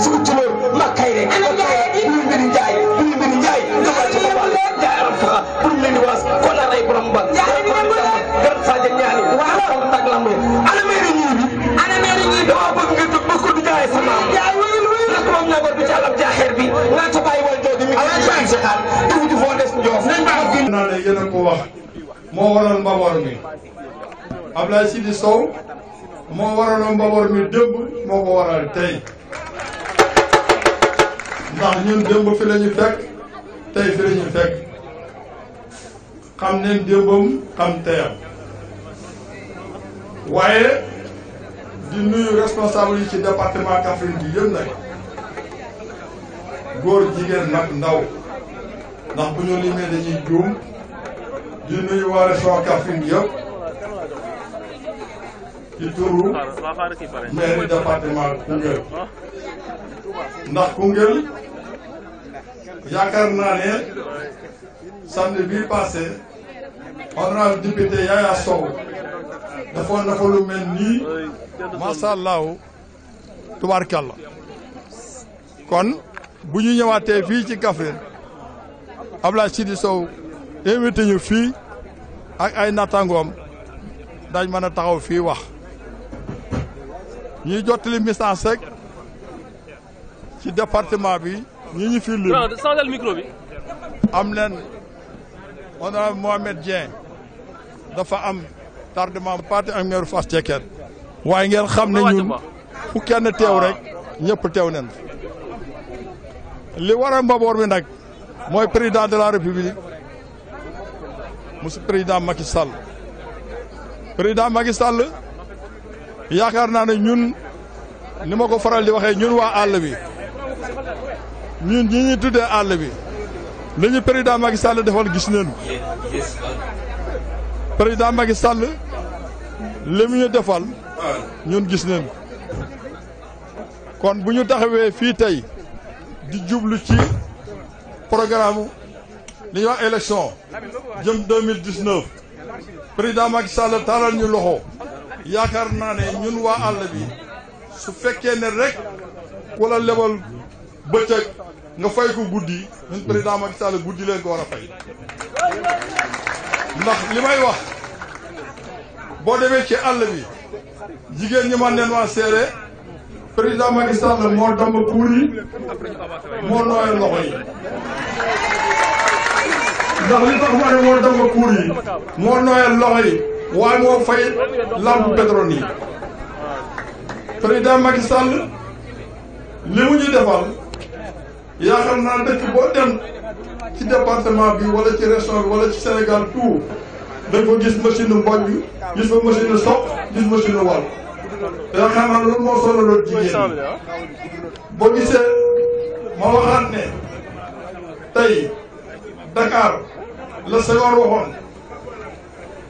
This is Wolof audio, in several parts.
su ko jëloon ma kay rek ma kay rek bu ñu mbiri njaay bu ñu mbiri njaay joxal ci boppam njaay am faxa bu ñu mbiri waas kon naa nay borom ba jaay ko di dama gar saaje ñaani waaw xam tag lam ne ana meeri ñii bi ana meeri ñii dama bëgg nga dugg bëgg ko di jaay sama am jaay wuyul wuyul nak moom na bi ci alab jaaxeer bi naa ca bàyyi wal jooju mi ngi ci ci xaar dugg di foo des njoof nañ baax gi naa la yéen a ko wax moo waral mbaboor mi Ablaye Sidi Sow moo waraloon mbaboor mi démb moo ko waral tey ndax ñun démb fi la fekk tey fi la fekk xam neen démbam xam teyam waaye di nuyu responsable yi ci département Kaffrine bi yëpp nag góor jigéen mag ndaw ndax bu ñu limee dañuy juum di nuyu waa région yëpp ci turu maire département Koungheul ndax Koungheul yaakaar naa ne samedi bii passé honorable député Yaya Sow dafoon na lu mel nii macha allah kon bu ñu ñëwaatee fii ci Kaffrine Abdoulaye Sidi Sow invité fii ak ay nattangoom dañ mën a taxaw fii wax ñuy jottali message ci département bi. ñi ñu fi lim waaw micro bi. am leen honorable Mohamed Dieng dafa am tardement. parti ak meeru Fass Cekkeen. waaye ngeen xam ne ñun fu kenn teew rek ah. ñëpp teew nen li war a mbaboor mi nag mooy président de la république monsieur président Macky Sall président Macky Sall yaakaar naa ne ñun ni ma ko faral di waxee ñun waa àll bi. ñun ñi ñuy tuddee àll bi li ñu président Macky Sall defoon gis nañu président Macky Sall li mu ñu defal ñun gis nañu kon bu ñu taxawee fii tey di jublu ci programme li ñuy wax élection jëm 2019 président Macky Sall taalal ñu loxo yaakaar naa ne ñun waa àll bi su fekkee ne rek wala lebal bëccëg nga fay ko guddi ñun président ko ndax li may wax boo demee ci àll bi jigéen ñi man neen waa séeré président Macky Sall moo damb kuur yi moo nooyal loxo yi ndax li tax ma ne moo damb kuur yi moo nooyal loxo yi waaye moo fay lampe pétrole yi président Macky Sall li mu ñu defal yaa xam naa dëkk boo dem ci département bi wala ci région bi wala ci Sénégal tout dañ ko gis machine mboj bi gis fa machine soq gis machine wal yaa xam naa loolu moo sonaloon jigéen boo gisee ma waxaat ne tey Dakar la Senghor waxoon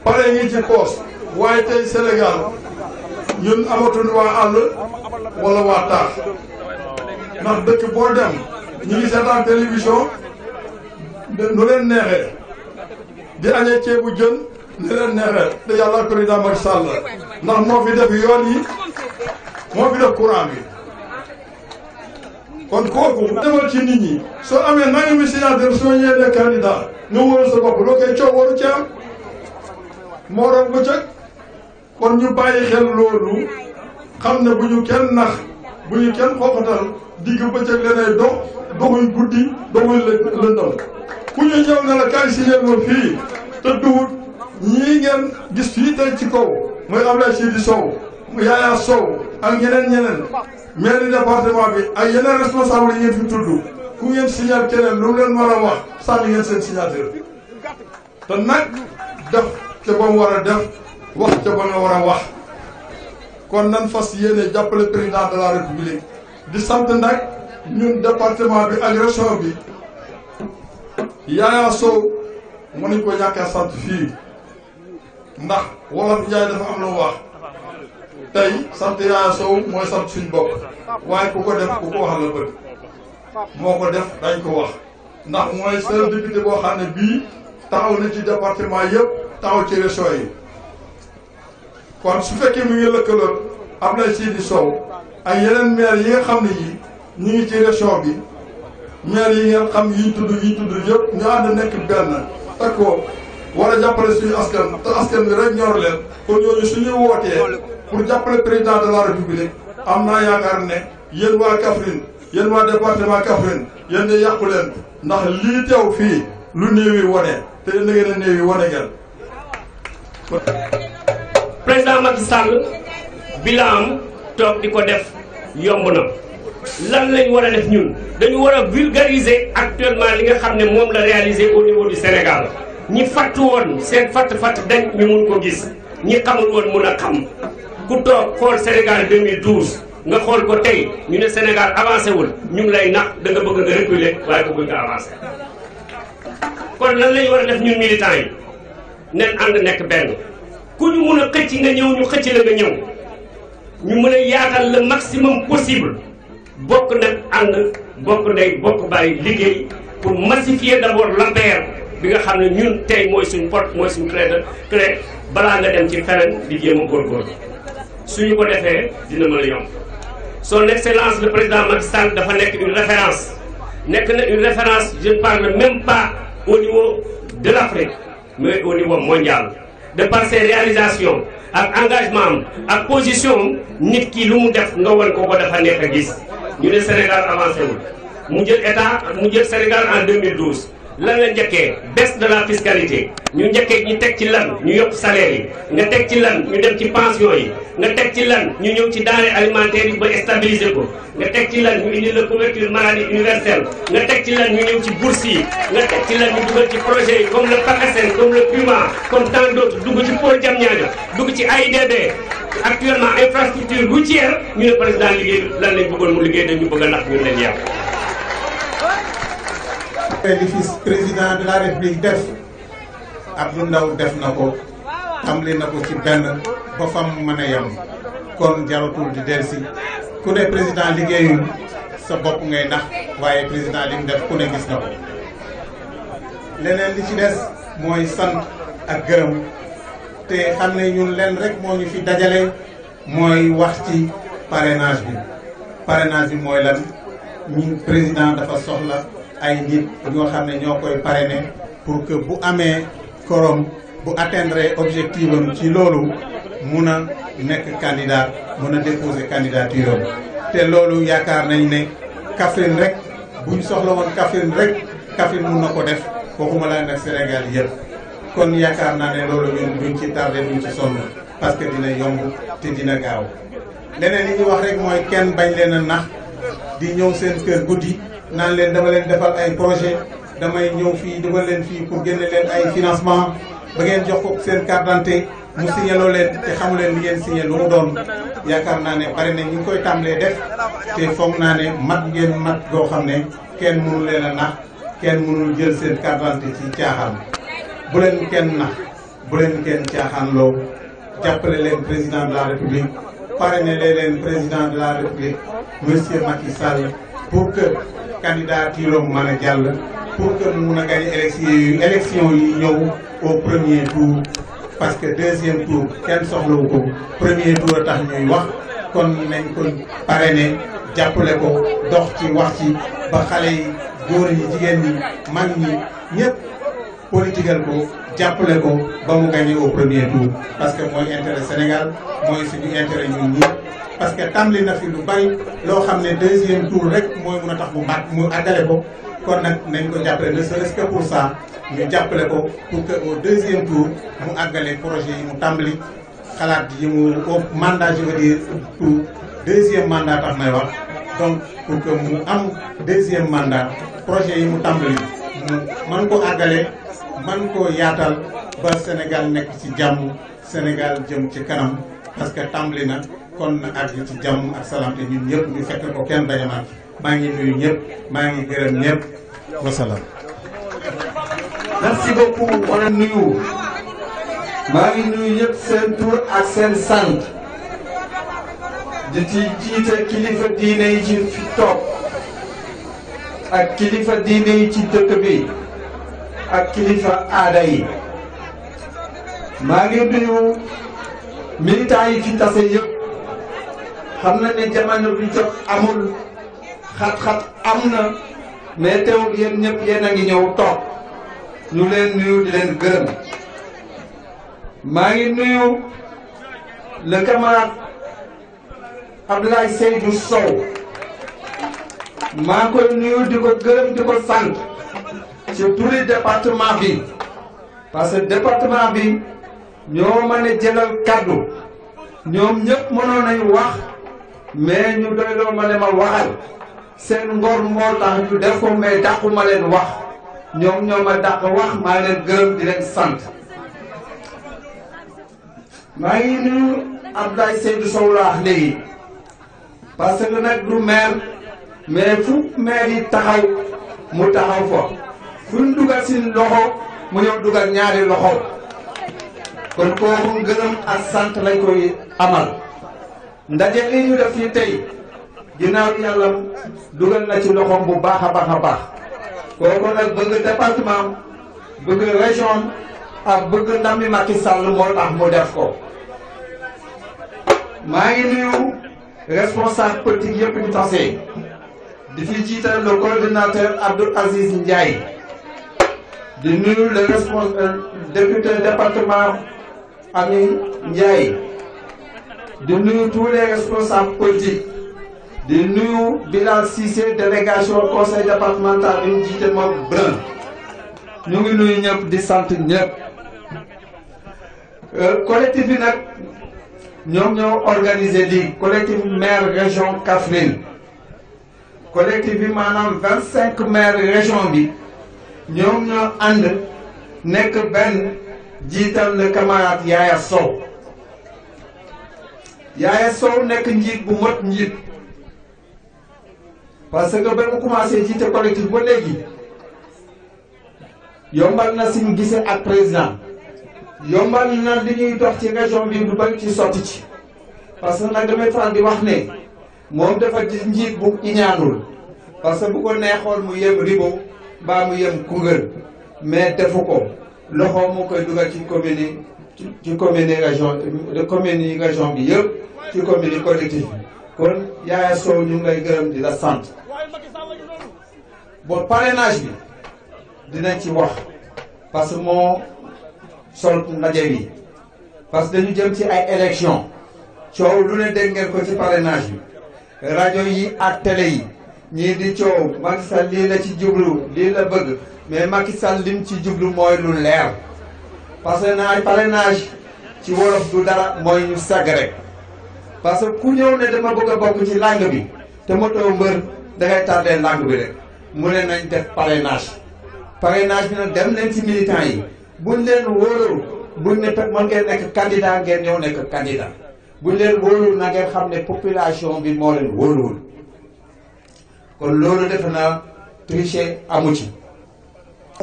pare ngi ci poos waaye tey Sénégal ñun amatuñu waa àll wala waa taax ndax dëkk boo dem ñu ngi seetaan télévision nu leen neexee di añee ceebu jën nu leen neexee te yàlla président Macky Sall ndax moo fi def yoon yi moo fi def courant bi kon kooku demal ci nit ñi soo amee nangami signature soo ñëwee nekk candidat nga sa bopp loo koy coow waru ci am moo rom bu kon ñu bàyyi xel loolu xam ne bu ñu kenn nax bu ñu kenn xoxatal digg bëccëg leneen dox doxuñ guddi doxuñ lëndal ku ñu ñëw ne la kaay signé ma fii te duwut ñii ngeen gis fii tey ci kaw mooy Abdoulaye Sidi Sow Yaya Sow ak ñeneen ñeneen maire département bi ak yeneen responsable yi ngeen fi tudd ku ngeen signal keneen lu mu leen war a wax sànni ngeen seen signature te nag def ca ba mu war a def wax ca ba nga war a wax kon nan fas yéene jàppale président de la république di sant nag ñun département bi ak région bi Yaya Sow mënuñ ko ñàkkee sant fii ndax wolof Njaay dafa am na mu wax tey sant Yaya mooy sant suñ bopp waaye ku ko def ku ko wax la bëgg moo ko def dañ ko wax ndax mooy seul député boo xam ne bii taxaw na ci département yëpp taxaw ci région yi kon su fekkee mu ngi lëkkaloon Abdoulaye Seydi Sow ak yeneen maire yi nga xam ne yi ñu ngi ci région bi maire yi ngeen xam yiñ tudd yiñ tudd yëpp ñu ànd nekk benn takkoo war a jàppale suñu askan te askan bi rek ñor leen kon ñooñu suñuy wootee pour jàppale président de la république am naa yaakaar ne yéen waa Kaffrine yéen waa département Kaffrine yéen de yàqu leen ndax lii teew fii lu néew wane te yéen da ngeen wane ngeen président Macky Sall bilan am toog di ko def yomb na lan lañ war a def ñun dañu war a vulgariser actuellement li nga xam ne moom la réaliser au niveau du Sénégal ñi fàttu woon seen fàtt-fàtt dañ ñu mu ko gis ñi xamul woon mu a xam ku toog xool Sénégal 2012 nga xool ko tey ñu ne Sénégal avancé wul ñu ngi lay nax da bëgg nga reculer waaye bëgg nga avancé kon lan lañ war a def ñun militants yi nen ànd nekk benn ku ñu mun a xëcc nga ñëw ñu xëcc la nga ñëw ñu mën a yaatal le maximum possible bokk nag ànd bokk ndey bokk bàyyi liggéey pour massifier d'abord l'APR bi nga xam ne ñun tey mooy suñ porte mooy suñ clé clé balaa nga dem ci feneen di jéem a góorgóorlu suñu ko defee dina mën a yomb son excellence le président Macky Sall dafa nekk une référence nekk na une référence je ne parle même au niveau de l'Afrique mais au niveau mondial de par ses réalisations engagement am ak position nit ki lu mu def nga won ko ko dafa nekk gis ñu ne Sénégal avancé wul mu jël état mu jël Sénégal en 2012 lan la njëkkee baisse de la fiscalité ñu njëkkee ñu teg ci lan ñu yokk salaire yi nga teg ci lan ñu dem ci pension yi nga teg ci lan ñu ñëw ci denrée alimentaire yi ba stabiliser ko nga teg ci lan ñu indi la couverture maladie universelle nga teg ci lan ñu ñëw ci bourse yi nga teg ci lan ñu dugal ci projet yi comme le PACASEN comme le PUMA comme tant d'autres dugg ci pôle Diamniadio dugg ci AIBD actuellement infrastructure routière ñu ne président liggéey lan lañ bëggoon mu liggéey a nax ñu li président de la république def ab lu ndaw def na ko tàmbali na ko ci benn ba fam mën a yem kon di delsi ku ne président liggéeyul sa bopp ngay nax waaye président li mu def ku ne gis na ko leneen li ci des mooy sant ak gërëm te xam ne ñun leen rek moo ñu fi dajale mooy wax ci parrainage bi parrainage bi mooy lan ñun président dafa soxla ay nit ñoo xam ne ñoo koy parrainer pour que bu amee korom bu atteindre objectif am ci loolu mun a nekk candidat mun a déposer candidature te loolu yaakaar nañ ne Kaffrine rek buñ soxla woon Kaffrine rek Kaffrine mun na ko def waxuma laa nag Sénégal yëpp kon yaakaar naa ne loolu ñun duñ ci tardé duñ ci sonn parce que dina yomb te dina gaaw leneen li ñuy wax rek mooy kenn bañ leen nax di ñëw seen kër guddi naan leen dama leen defal ay projet damay ñëw fii dugal leen fii pour génne leen ay financement ba ngeen jox ko seen carte d'identité mu signaloo leen te xamu leen li ngeen signé lu mu doon yaakaar naa ne bari na ñu koy tàmbalee def te foog naa ne mat ngeen mat goo xam ne kenn mënu leen a nax kenn mënul jël seen carte d'identité ci caaxaan bu leen kenn nax bu leen kenn caaxaan loo jàppale leen président de la république parrainé leen président de la république monsieur Macky Sall. pour que candidature am mën a jàll pour que mu mun a gagné élection yi ñëw au premier tour parce que deuxième tour kenn soxlawu ko premier tour a tax ñuy wax kon nañ ko parrainé jàppale ko dox ci wax ci ba xale yi góor ñi jigéen ñi mag ñi ñëpp politigal ko jàppale ko ba mu gagné au premier tour parce que mooy intérêt Sénégal mooy suñu intérêt ñun ñëpp parce que tàmbali na fi lu bari loo xam ne deuxième tour rek mooy mun a tax mu mat mu àggale ko kon nag nañ ko jàppale ne serait-ce que pour ça ñu jàppale ko pour que au deuxième tour mu àggale projet yi mu tàmbali xalaat yi mu au mandat je veux dire pour deuxième mandat tax may wax donc pour que mu am deuxième mandat projet yi mu tàmbali mu man ko àggale man ko yaatal ba Sénégal nekk ci jàmm Sénégal jëm ci kanam parce que tàmbali na kon na àgg ci ak salaam te ñun ñëpp ñu fekk ko kenn maa ngi nuyu ñëpp maa ngi gërëm ñëpp wasalaam. merci beaucoup wala nuyu maa ngi nuyu ñëpp seen tur ak seen sant di ci jiite kilifa diine ci fi ak kilifa diine ci dëkk bi ak kilifa aada maa ngi nuyu militant yi tase yëpp. xam na ne jamono bi jot amul xat-xat am na mais teewul yéen ñëpp yéen a ngi ñëw to ñu leen nuyu leen gërëm maa ngi nuyu le camarade Abdoulaye Seydou Sow maa koy nuyu di ko gërëm di ko sant ci turi département bi parce que bi ñoo mën a jëlal kaddu ñoom ñëpp mënoon nañu wax mais ñu doy ma ne waxal seen ngor moo tax ñu def ko mais dàqu ma leen wax ñoom ñoo ma dàq wax maa leen gërëm di leen sant maa ngi nuyu Abdoulaye Seydou Sow la léegi parce que nag du maire mais fu maire yi taxaw mu taxaw fa fu ñu si loxo mu ñëw dugal ñaari loxo kon kooku gërëm ak sant lañ koy amal. ndaje lii ñu def fii tey dugal na ci loxoom bu baax a baax a baax kooku nag bëgg département bëgg région ak bëgg ndami Macky Sall moo tax mu def ko. maa ngi nuyu responsable politique yëpp ñu tase di fi jiital le coordinateur Abdou Aziz Ndiaye di nuyu le responsable euh, député Ami Ndiaye. di nuyu tous les responsables politiques di nuyu Bilal Cissé délégation conseil départemental bi jiite moom Brun ñu ngi nuyu ñëpp di sant ñëpp. Euh, collectif bi nag ñoom ñoo organisé di maire région Kaffrine collectif bi maanaam vingt cinq maire région bi ñoom ñoo ànd nekk benn jiital le camarade Yaya Sow. yaaya soow nekk njiit bu mot njiit parce que ba mu commencé jiite collectif ba léegi yombal na suñu gisee ak président yombal na li ñuy dox ci région bi lu bari ci sotti ci parce que nag damay faral di wax ne moom dafa gis njiit bu iñaanul parce que bu ko mu yem ribo baa mu yem Koungheul mais defu ko loxo moo koy dugal ci ci ci communication communication bi yëpp ci commune collectif bi kon Yaaya Sow ñu ngay gërëm di la sant bon parrainage bi dinañ ci wax parce que moo sol ndaje yi parce que dañu jëm ci ay élection coow lu ne dégg ko ci parrainage bi rajo yi ak tele yi ñii di coow Macky Sall lii la ci jublu lii la bëgg mais Macky Sall lim ci jublu mooy lu leer parrainage parrainage ci wolof du dara mooy ñu sàgg rek parce que ku ñëw ne dama bëgg a ci langue bi te motoo mbër dangay tardé langue bi rek mu ne nañ def parrainage parrainage bi nag dem leen ci militant yi buñ leen wóorul buñ ne mën ngeen nekk candidat ngeen ñëw nekk candidat buñ leen wóorul na ngeen xam ne population bi moo leen wóoruwul kon loolu defe naa tricher amu ci.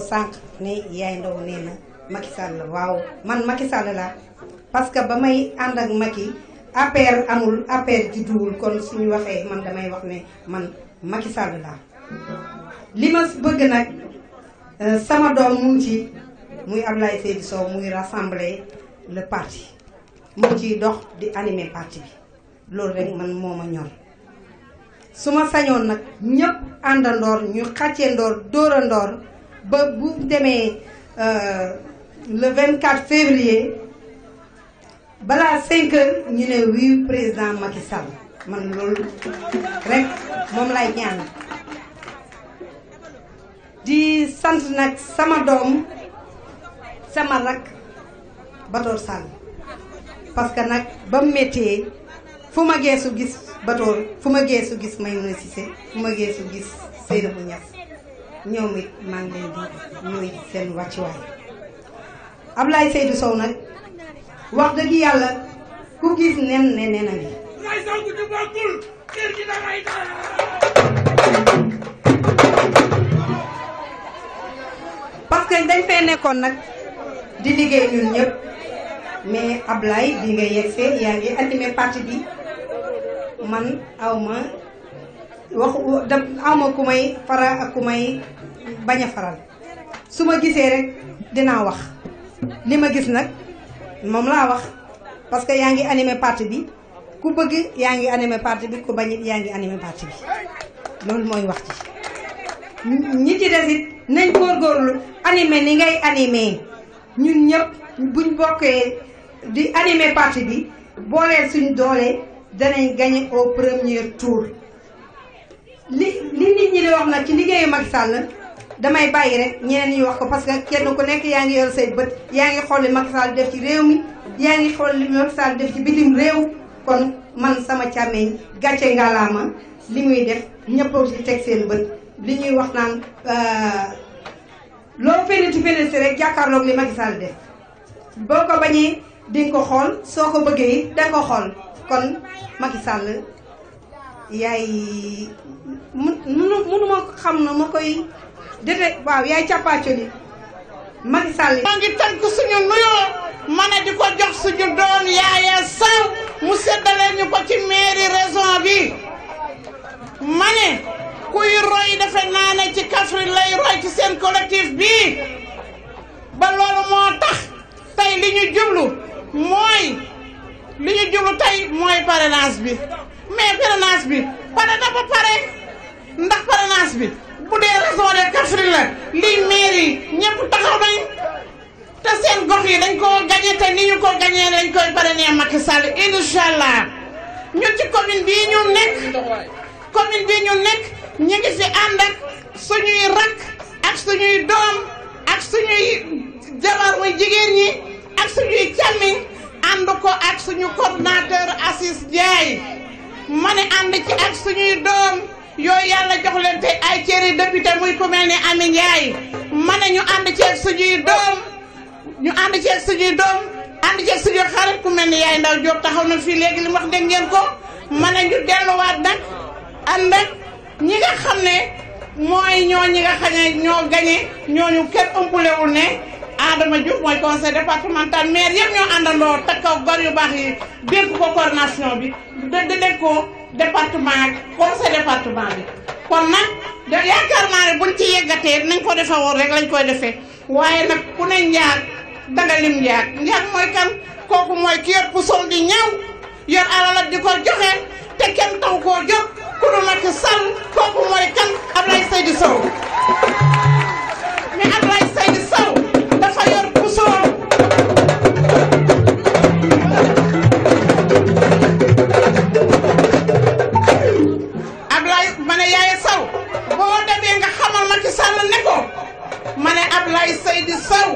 sànq ne yaay nee na. Macky Sall waaw man Macky Sall laa parce que ba may ànd ak Macky APR amul APR judduwul kon su suñu waxee man damay wax ne man Macky Sall laa li ma bëgg nag euh, sama doom mu ngi ci muy Ablaye Seydou Sow muy rassembler le parti mu ngi ciy dox di animer parti bi loolu rek man moo ma ñor su ma sañoon nag ñëpp àndandoor ñu xàccendoor dóorandoor ba bu demee euh, le quatre février balaa 5 heures ñu ne oui président Macky Sall man loolu rek moom lay ñaan di sant nag sama doom sama rakk Batoor Sall parce que nag ba mu méttee fu ma geesu gis Batoor fu ma geesu gis ma Cissé fu ma geesu gis Seydou Niass ñoom it maa ngi leen di ñuy seen wàccuwaay ab Ablaye Seydou Sow nag wax dëgg yàlla ku gis nen ne nena bi parce que dañ fee nekkoon nag di liggéey ñun ñëpp mais Ablaye bi nga yegsee yaa ngi animé parti bi man awma waxu awma ku may faral ak ku may bañ a su ma gisee rek dinaa wax li ma gis nag moom laa wax parce que yaa ngi animé parti bi ku bëgg yaa ngi animé parti bi ku bañ it yaa ngi animé parti bi loolu mooy wax ci ñi ci des it nañ góorgóorlu animé ni ngay animé ñun ñëpp buñ bokkee di animé parti bi boolee suñ doole danañ gagné au premier tour li li nit ñi di wax nag ci liggéeyu Macky Sall damay bàyyi rek ñeneen ñuy wax ko parce que kenn ko nekk yaa ngi yor say bët yaa ngi xool li Macky Sall def ci réew mi yaa ngi xool li Macky Sall def ci bitim réew kon man sama càmmeñ gàcce ngalaama li muy def ñëpp ci teg seen bët li ñuy wax naan euh, loo féniti féniti rek jàkkaarloog li Macky Sall def boo ko bañee di ko xool soo ko bëggee it da ko xool kon Macky Sall yaay mënu mënu ma xam na ma koy déedéet waaw yaay càppaacoli Macky Sall yi. maa ngi tënk suñu nuyoo mën a di ko jox suñu doom yaaya saw mu seddalee ñu ko ci mairie raison bi ma ne kuy roy defe naa ne ci Kaffrine lay roy ci seen collectif bii ba loolu moo tax tey li ñu jublu mooy li ñu jublu tey mooy parrainage bi mais parrainage bi pare na pare ndax parrainage bi. bu dee région de Kaffrine mairie ñëpp taxaw te seen gox yi dañ koo gañe te ni ñu ko gañee lañ koy parrainer Macky Sall incha allah ñun ci commune bii ñu nekk commune bii ñu nekk ñu ngi fi suñuy rakk ak suñuy doom ak suñuy jabar muy jigéen ñi ak suñuy càmmiñ ànd ko ak suñu coordinateur Assis Ndiaye ma ne ànd ci ak suñuy doom yooyu yàlla jox leen tey ay cëri député muy ku mel ne Amy Ndiaye mën ñu ànd ceeg suñuy doom ñu ànd ceeg suñuy doom ànd ceeg suñuy xarit ku mel ne Yaay Ndaw Diop taxaw na fii léegi li mu wax ngeen ko mën ñu delluwaat nag ànd ak ñi nga xam ne mooy ñoo ñi nga xam ne ñoo gañe ñooñu kenn ëmpulewul ne Adama Diouf mooy conseil départemental maire yëpp ñoo àndandoo takkaw gor yu baax yi dégg ko coordination bi dégg ko département conseil département bi kon nag da yaakaar naa ne buñ ci yeggatee nañ ko defe woon rek lañ koy defee waaye nag ku ne njaag dagalim njaag njaag mooy kan kooku mooy ki yor pusoom di ñaw yor alalat di ko joxe te kenn taw koo jot ku du Macky Sall kooku mooy kan Ablaye Seydou Sow mais Ablaye Seydou Sow dafa yor pusoom ko ma ne Ablaye Seydou Sow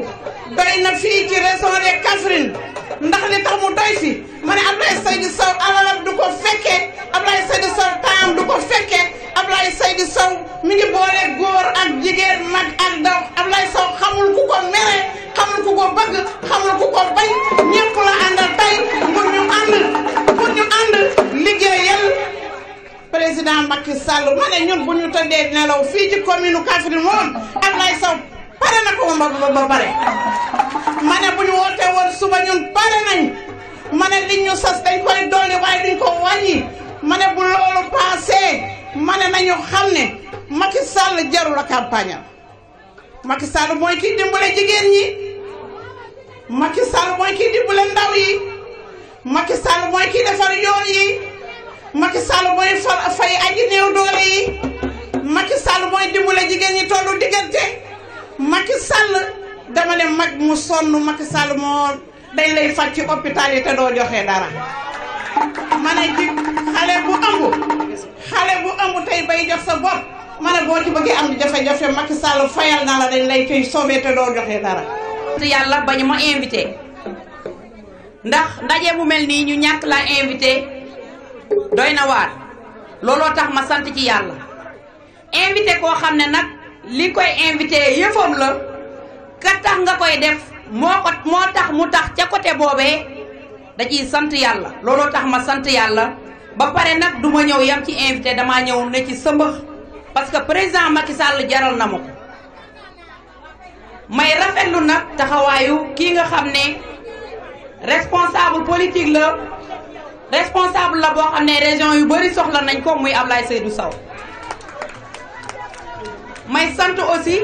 doy na fii ci région de Kaffrine ndax li tax mu doy fi ma ne Ablaye Seydou Sow alalam du ko fekkee Ablaye Seydou Sow taam du ko fekkee Ablaye Seydou Sow mi ngi boole góor ak jigéen mag ak ndaw Ablaye Sow xamul ku ko mere xamul ku ko bëgg xamul ku ko bañ ñëpp la àndal tey pour ñu ànd pour ñu ànd liggéeyal. président Macky Sall ma ne ñun bu ñu tëddee nelaw fii ci commune Kaffrine moom pare na ko ba ba pare ma ne wootee woon suba pare nañ ma ne sas dañ koy doole waaye duñ ko wàññi ma ne bu loolu passé xam ne Macky jarul a campagne Macky Sall mooy kii dimbale jigéen ñi Macky mooy kii dimbale ndaw yi Macky mooy kii defar yi Macky Sall mooy fa fay aji néew doole yi Macky Sall mooy a jigéen ñi tollu diggante Macky Sall dama ne mag mu sonn Macky Sall moo dañ lay faj ci hôpital yi te doo joxe dara ma ne xale bu ëmb xale bu ëmb tey bay jox sa bopp ma boo ci bëggee am jafe-jafe Macky Sall fayal na la dañ lay koy soobee te doo joxe dara. yàlla bañu ma invité ndax ndaje bu mel nii ñu ñàkk laa invité. doy na waar looloo tax ma sant ci yàlla invité koo xam ne nag li koy invité yëfam la ka tax nga koy def moo ko moo tax mu tax ca côté boobee da ciy sant yàlla looloo tax ma sant yàlla ba pare nag duma ñëw yam ci invité damaa ñëw ne ci sëmbax parce que président Macky sàll jaral na ma ko may rafetlu nag taxawaayu kii nga xam ne responsable politique la responsable la boo xam ne région yu bëri soxla nañ ko muy Ablaye Seydou saw may sant aussi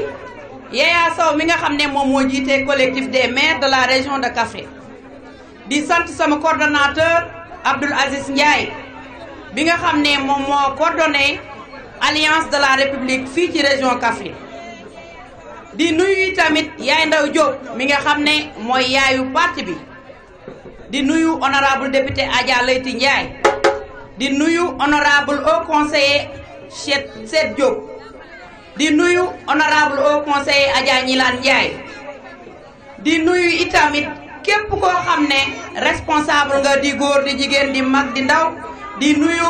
Yaya saw mi nga xam ne moom moo jiite collectif des maires de la région de Kaffrine di sant sama coordonnateur Abdoul Aziz Ndiaye bi nga xam ne moom moo coordonné alliance de la république fii ci région Kaffrine di nuyu tamit Yaay Ndaw Diop mi nga xam ne mooy yaayu parti bi di nuyu honorable député Adja Leyti Ndiaye di nuyu honorable au conseiller Cheikh Seyd di nuyu honorable au conseiller Adja Ñilaan Ndiaye di nuyu itamit képp ko xam ne responsable nga di góor di jigéen di mag di ndaw di nuyu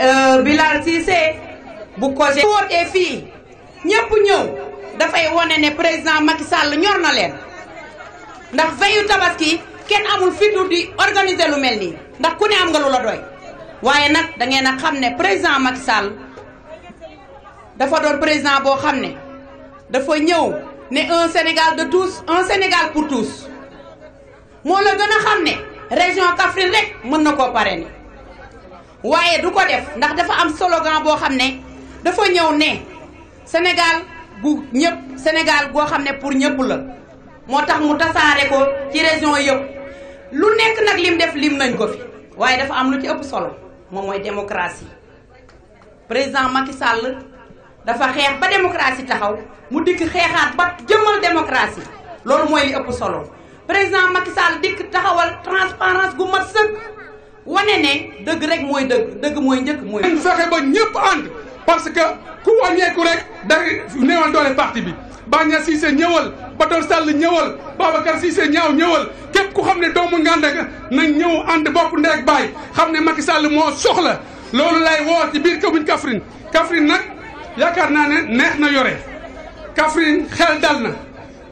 euh, Bilal Cissé bu ko wootee fii ñëpp ñëw dafay wone ne président Macky Sall ñor na leen ndax veyu tabaski kenn amul fitu di organiser lu mel nii ndax ku ne am nga lu la doy waaye nag da ngeen a xam ne président Macky Sall dafa doon président boo xam ne dafa ñëw ne un Sénégal de tous un Sénégal pour tous moo la gën a xam ne région Kaffrine rek mën na koo parrainer waaye du ko def ndax dafa am slogan boo xam ne dafa ñëw ne Sénégal gu ñëpp Sénégal goo xam ne pour ñëpp la. moo tax mu tasaare ko ci région yëpp lu nekk nag lim def lim nañ ko fi waaye dafa am lu ci ëpp solo moom mooy démocratie président Macky Sall dafa xeex ba démocratie taxaw mu dikk xeexaat ba jëmmal démocratie loolu mooy li ëpp solo président Macky Sall dikk taxawal transparence gu mat sëkk wane ne dëgg rek mooy dëgg dëgg mooy njëkk mooy. fexe ba ñëpp ànd parce que ku wàññeeku rek da néewal doole parti bi. Bagna Cissé ñëwal Bador Sall ñëwal Babacar Cissé ñaaw ñëwal képp ku xam ne doomu Nganda nga nañ ñëw ànd bokk ndey ak baay xam ne Macky sàll moo soxla loolu lay woo ci biir commune Kaffrine Kaffrine nag yaakaar naa ne neex na yore Kaffrine xel dal na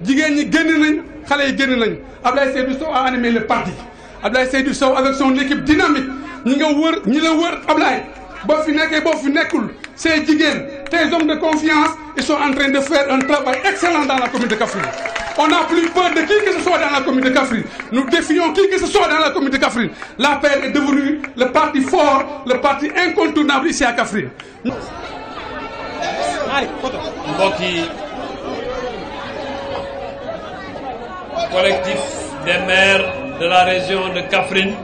jigéen ñi génn nañ xale yi génn nañ Abdoulaye Seydou Sow a animé le parti Abdoulaye Seydou Sow avec son équipe dynamique ñi nga wër ñi la wër Abdoulaye boo fi nekkee boo fi nekkul ces jigéen tes hommes de confiance ils sont en train de faire un travail excellent dans la commune de Kaffrine on n'a plus peur de qui que ce soit dans la commune de Kaffrine nous défions qui dans la commune de Kaffrine l'APR est devenu le parti fort le parti incontournable ici à Kaffrine mbokk yi collectif des maires de la région de Kaffrine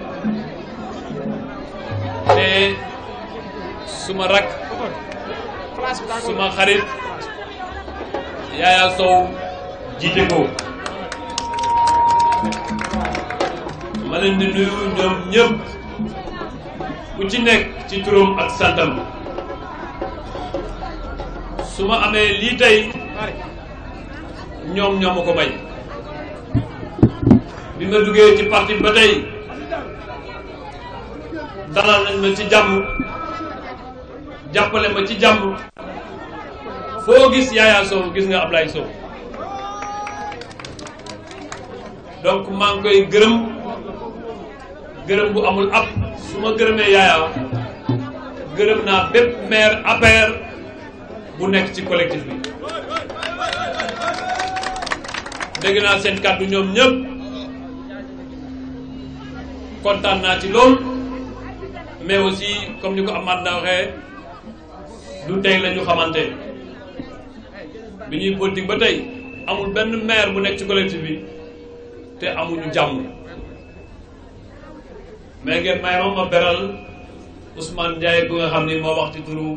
suma rakk suma xarit Yaya Sow jiite ko ma leen ñoom ñëpp ku ci nekk ci turam ak santam su amee lii tey ñoom ñoo ko may bi ma duggee ci parti ba tey dalal nañ ma ci jàmm jàppale ma ci jàmm foo gis Yaya gis nga Ablaye Sow donc maa ngi koy gërëm gërëm bu amul ab su ma gërëmee Yaya gërëm naa bépp maire APR bu nekk ci collectif bi dégg naa seen kàddu ñoom ñëpp kontaan naa ci lool mais aussi comme ni ko Amath na waxee du tey la ñu xamante bi ñuy politique ba tey amul benn maire bu nekk ci collectif bi te amuñu jàmm mais ngeen may ma ma beral Ousmane Ndiaye bu nga xam ni moo wax ci turu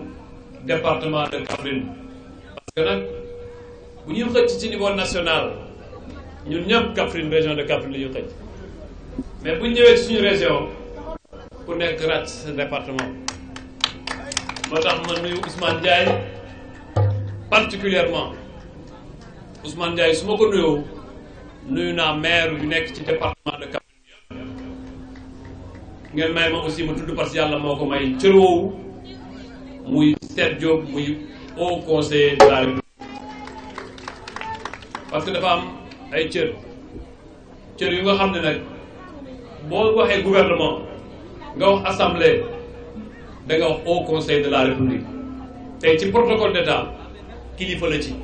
département de Kaffrine parce que nag bu ñuy xëcc ci niveau national ñun ñëpp Kaffrine région de Kaffrine la xëcc mais bu ñu ñëwee suñu région ku nekk ràcc sa département moo tax ma nuyu Ousmane Ndiaye particulièrement Ousmane Ndiaye su ma ko nuyoo nuyu naa maire yu nekk ci département de Kaffrine ngeen may ma aussi ma tudd parce que yàlla moo ko may cër muy Seet Diop muy haut conseiller parce que dafa am ay cër cër yu nga xam ne nag boo waxee gouvernement nga wax assemblée da nga wax au conseil de la république tey ci protocole d'état kilifa la ci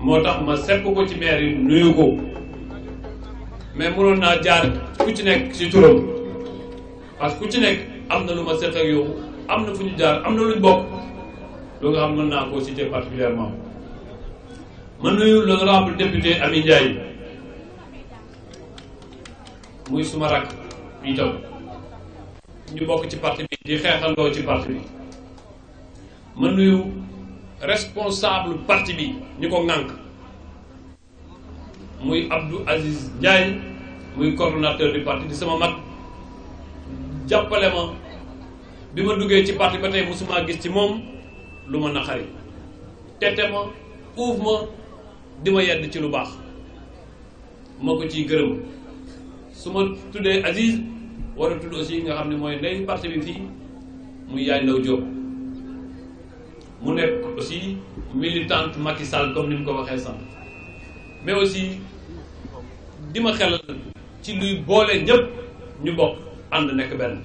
moo tax ma seet ko ci maire yi nuyu ko mais mënoon naa jaar ku ci nekk ci turam parce que ku ci nekk am na lu ma seet ak yow am na fu ñu jaar am na luñ bokk lu nga xam mën naa koo citer particulièrement ma nuyu l'honorable député Ami Ndiaye muy suma rakk itam ñu bokk ci parti bi di xeexandoo ci parti bi ma nuyu responsable parti bi ñu ko ŋànk muy Abdou Aziz Ndiaye muy coordonnateur du parti di sama mag jàppale ma bi ma duggee ci parti ba tey mosuma gis ci moom lu ma naqari tete ma uuf ma di ma yedd ci lu baax ma ko ciy gërëm su ma tuddee Aziz war a tudd aussi nga xam ne mooy ndeyu parti bi fii muy yaay ndaw Diop mu nekk aussi militante Macky Sall comme ni mu ko waxee sànq mais aussi di ma xelal ci luy boole ñëpp ñu bokk ànd nekk benn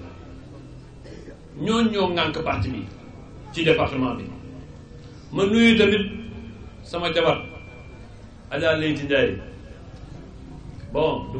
ñooñu ñoo ŋànk parti bi ci département bi ma nuyu tamit sama jabar Adja Leyti Ndiaye bon.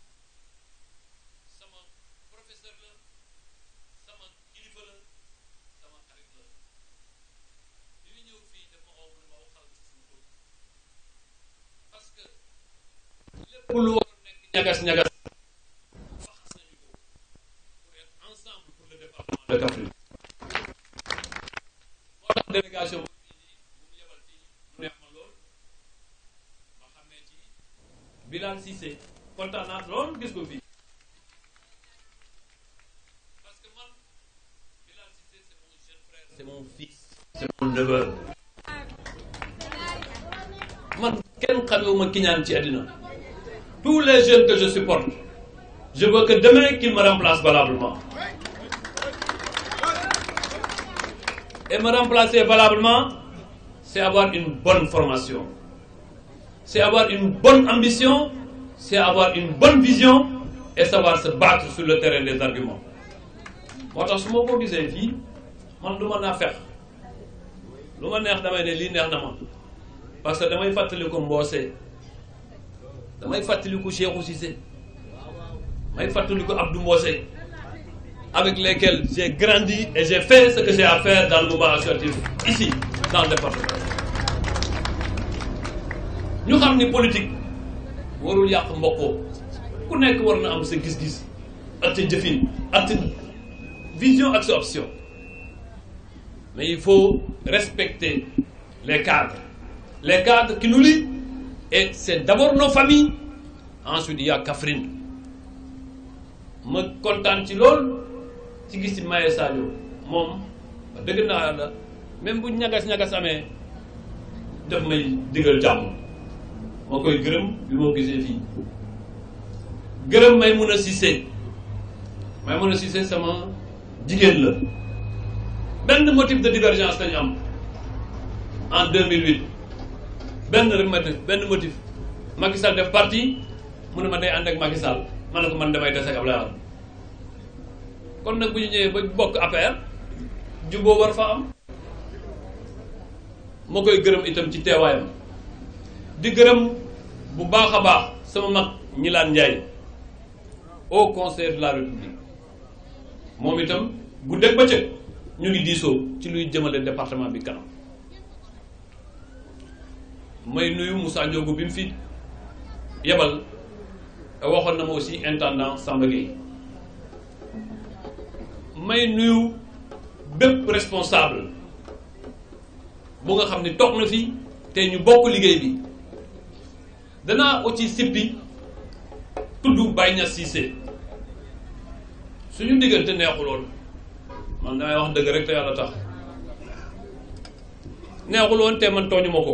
kiñaan ci àddina tous les jeunes que je supporte je veux que demain qu'ils me remplacent valablement et me remplacer valablement c'est avoir une bonne formation c'est avoir une bonne ambition c'est avoir une bonne vision et savoir se battre sur le terrain des arguments moo su ma ko gisee fii man du ma naa fex lu ma neex damay ne lii neex na ma parce que damay fàttali ko mboose damay fàttaliku Cheikhou Cissé damay fàttaliku Abdou Mbose avec lesquels j'ai grandi et j'ai fait ce que j'ai à faire dans le moment associatif ici dans le ñu xam ni politique warul yàq mbokkoo ku nekk war na am sa gis-gis ak sa jëfin ak sa vision ak sa option mais il faut respecter les cadres les cadres qui nous lient Et c'est d'abord nos familles. Ensuite, il y kafrin Kaffrine. ma kontaan ci lool ci gis ci Maye Sadio moom wax dëgg naa la même bu ñagas-ñagas amee def may digal jàmm moo koy gërëm bi moo gisee fii gërëm may mun a Cissé may mun a Cissé sama jigéen la benn motif de divergence lañu am en 2008 benn rek ma def benn motif Macky Sall def parti mu ne ma day ànd ak Macky Sall ma ko man damay des ak Abdoulaye Wade kon nag bu ñu ñëwee ba bokk APR juboo war fa am moo koy gërëm itam ci teewaayam di gërëm bu baax a baax sama mag Gnilane Ndiaye au conseil de la République moom itam guddeeg bëccëg ñu ngi diisoo ci luy jëmale département bi kanam may nuyu musaa Ndiogo bi mu fi yebal te waxoon na ma aussi intendant Samba may nuyu bépp responsable bu nga xam ne toog na fi te ñu bokk liggéey bi danaa aussi sippi tudd Baye Niass Cissé suñu diggante neexu man damay wax dëgg rek te yàlla tax neexu loon te man tooñu ma ko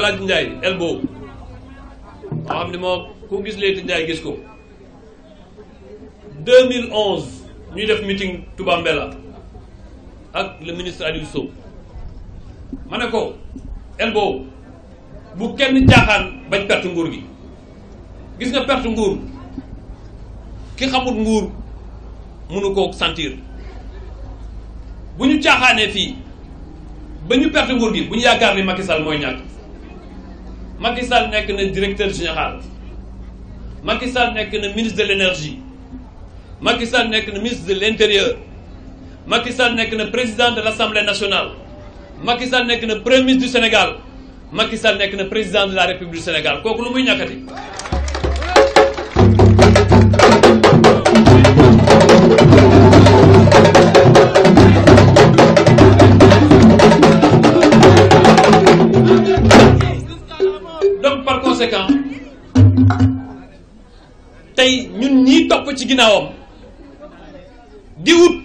El Hadj Ndiaye elbow moo xam ne moo ku gis Leyti Ndiaye gis ko 2011 ñuy def meeting Toubambella ak la ministre Aliou Sow ma ne ko elbow bu kenn jaaxaan bañ perte nguur gi gis nga perte nguur ki xamut nguur mënu koo sentir bu ñu caaxaanee fii ba ñu perte nguur gi bu ñu yaakaar ni Macky Sall mooy ñàkk Macky Sall nekk na directeur général Macky Sall nekk na ministre de l'énergie Macky Sall nekk na ministre de l'intérieur Macky Sall nekk na président de l'Assemblée nationale Macky Sall nekk na premier ministre du Sénégal Macky Sall nekk na président de la République du Sénégal kooku lu muy ñàkkati conséquent tey ñun ñii topp ci ginnaawam di wut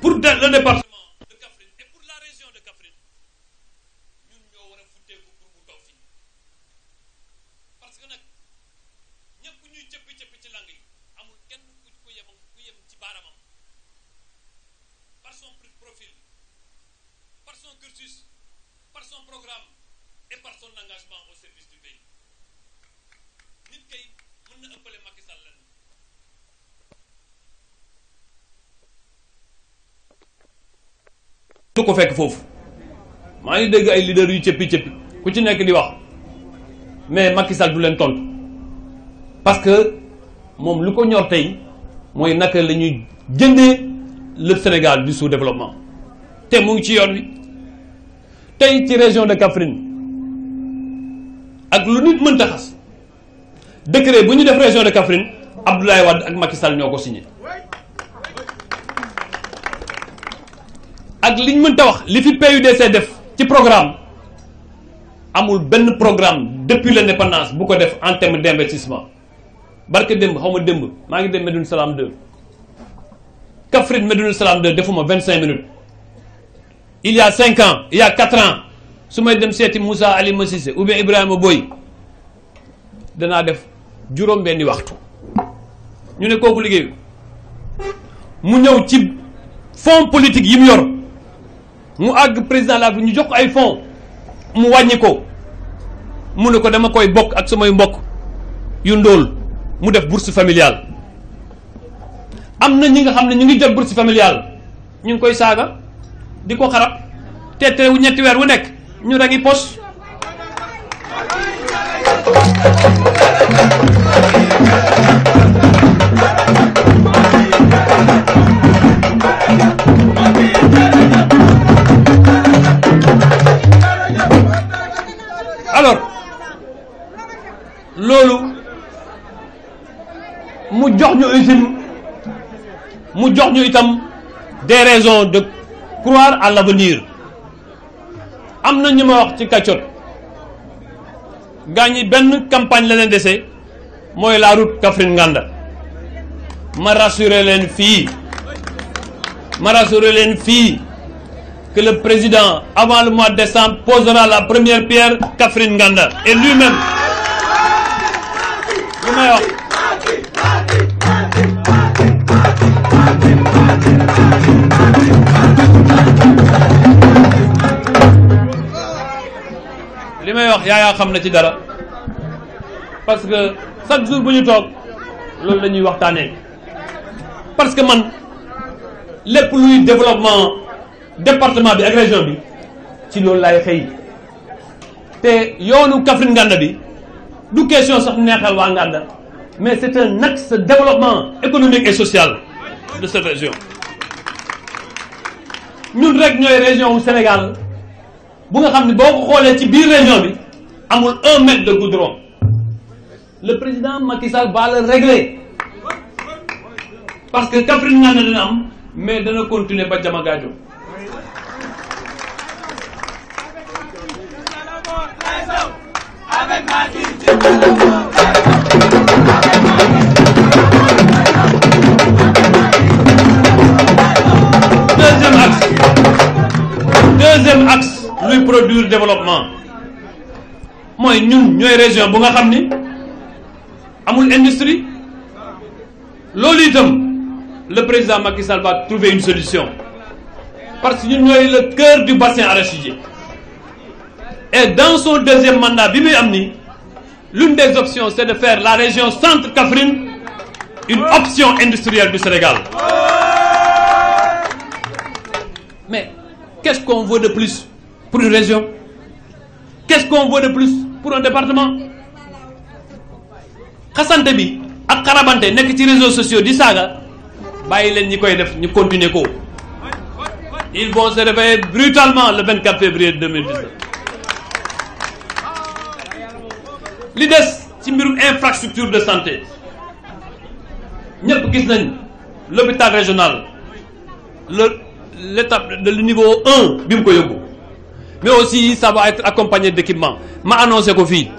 pour le département tu ko fekk foofu maa ngi dégg ay leaders yu cëppi cëppi ku ci nekk di wax mais Macky Sall du leen tontu parce que moom lu ko ñor tey mooy naka lañuy ñuy jëndee le Sénégal du sous-développement te mu ngi ci yoon wi tey ci région de Kaffrine ak lu nit mënta xas décret bu ñu def région de Kaffrine Abdoulaye Wade ak Macky Sall ñoo ko signé. ak liñ mënta wax li fi PUDC def ci programme amul benn programme depuis l'indépendance bu ko def en terme d'investissement barke démb xaw ma démb maa ngi dem Médina Salaam de Kaffrine Médina Salaam 2 defuma vingt cinq minutes il y a cinq ans il y quatre ans su may dem seeti Moussa Ali Massissé ou Ibrahima Boy danaa def juróom benni waxtu ñu ne kooku liggéey mu ñëw ci fonds politique yi mu yor mu àgg président la bi ñu jox ko ay fonds mu wàññi ko mu ne ko dama koy bokk ak samay mbokk yu ndóol mu def bourse familiale am na ñi nga xam ne ñu ngi jot bourse familiale ñu ngi koy saaga di ko xarab te teewu ñetti weer wu nekk ñu ngi pos loolu mu jox ñu itam mu jox ñu itam des raisons de croire à l'avenir am na ñu ma wax ci Kacoor gaa ñi benn campagne la leen dese mooy la route Kaffrine ngànda ma rassurer leen fii ma leen fii que le président avant le mois de décembre posera la première pierre Kaffrine Nganda et lui-même li may wax. li may wax yaayaa xam na ci dara parce que chaque jour bu ñu toog loolu la ñuy waxtaanee parce que man lépp luy développement département bi ak région bi ci loolu laay xëy te yoonu Kaffrine Nganda bi. du question sax neexal waa Nganda mais c'est un axe de développement économique et social de cette région ñun rek ñooy région wu Sénégal bu nga xam ne boo ko xoolee ci biir région bi amul un mètre de goudron le président Macky Sall va le régler parce que Kaffrine nga ne dana am mais dana continuer ba jama deuxième axe deuxième axe luy produire développement mooy ñun ñooy région bu nga xam ni amul industrie loolu itam le président Macky Sall va trouver une solution parce que ñu ñooy le cœur du bassin arachidier et dans son deuxième mandat bi muy am nii l'une des options c'est de faire la région centre Kaffrine une option industrielle du Sénégal mais qu'est-ce qu'on veut de plus pour une région qu'est-ce qu'on veut de plus pour un département xasante bi ak xarabante nekk ci réseaux sociaux di saaga bàyyi leen ñi koy def ñu continuer ko ils vont se réveiller brutalement le 24 février 2019 li des ci mbirum infrastructure de santé ñëpp gis nañ l'hôpital régional le l'étape de niveau un bi mu ko yóbbu mais aussi ça va être accompagné d'équipement ma annoncé ko fii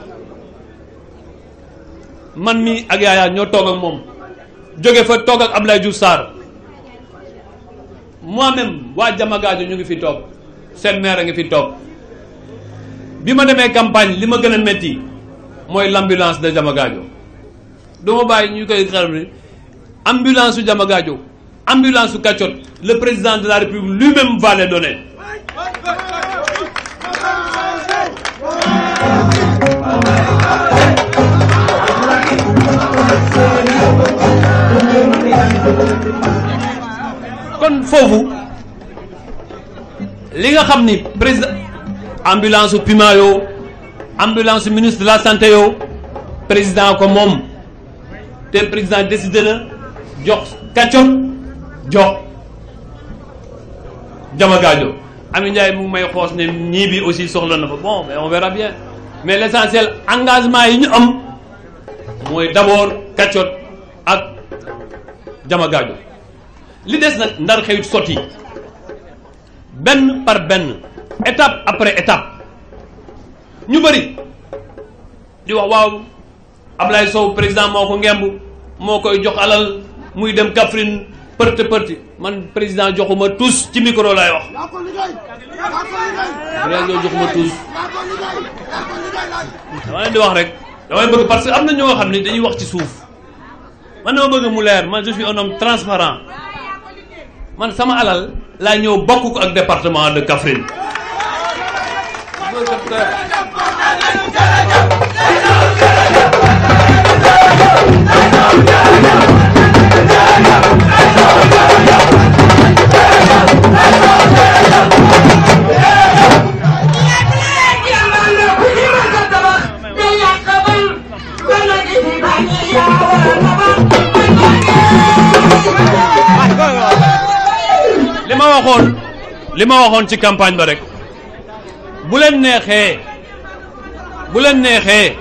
man mi ak yaaya ñoo toog ak moom jóge fa toog ak Abdoulaye Diouf Sarr moi-même waa Diamagaajo ñu ngi fi toog seen maire a ngi fi toog bi ma demee campagne li ma gën a métti mooy l'ambulance de Diamagaajo du ma bàyyi ñu koy xarale ambulance su Diamagaajo ambulance su Kacoor le président de la république lui-même va les donner. kon foofu li nga xam ni président ambulance su Pimayo. ambulance ministre de la santé yow président ko moom te président décidé na jox kaccor jox jama gaajo Ami Ndiaye mu may xoos ne ñii bi aussi soxla na fa bon mais on verra bien mais l' essentiel engagement yi ñu am mooy d' abord kaccor ak jama gaajo li des nag ndar xëyut sotti benn par benn étape après étape ñu bëri di wax waaw Ablaye soow président moo ko ngemb moo koy jox alal muy dem Kaffrine përte përte man président joxuma tous ci micro lay wax président joxuma tous dama leen di wax rek damay bëgg parce que am na ñoo xam ne dañuy wax ci suuf man dama bëgg mu leer man je suis un homme transparent man sama alal laa ñëw bokk ko ak département de Kaffrine li ma waxoon ci campagne ba rek bu leen neexee bu leen neexee